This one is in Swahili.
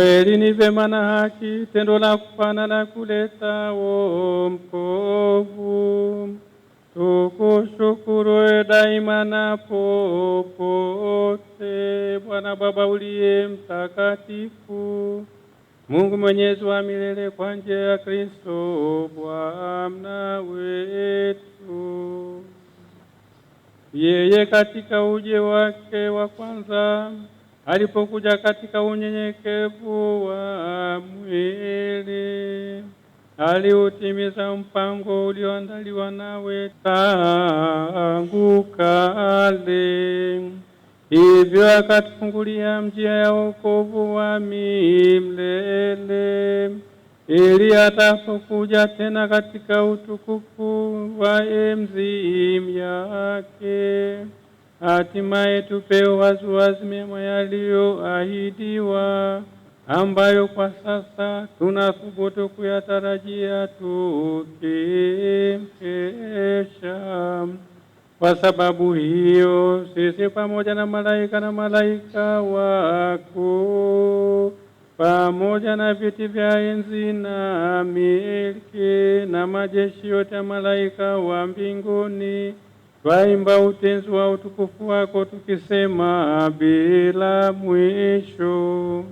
Kweli ni vema na haki tendo la kufana na kuleta wokovu. Tukushukuru daima na popote, Bwana Baba uliye mtakatifu, Mungu Mwenyezi wa milele, kwa njia ya Kristo Bwana wetu, yeye katika uje wake wa kwanza alipokuja katika unyenyekevu wa mwili aliutimiza mpango ulioandaliwa nawe tangu kale. Hivyo akatufungulia njia ya wokovu wa milele, ili atapokuja tena katika utukufu wa enzi yake hatimaye tupewe waziwazi mema yaliyoahidiwa ambayo kwa sasa tunathubutu kuyatarajia tukimkesha. Kwa sababu hiyo, sisi pamoja na malaika na malaika wakuu pamoja na viti vya enzi na milki na majeshi yote ya malaika wa mbinguni twaimba utenzi wa utukufu wako tukisema bila mwisho.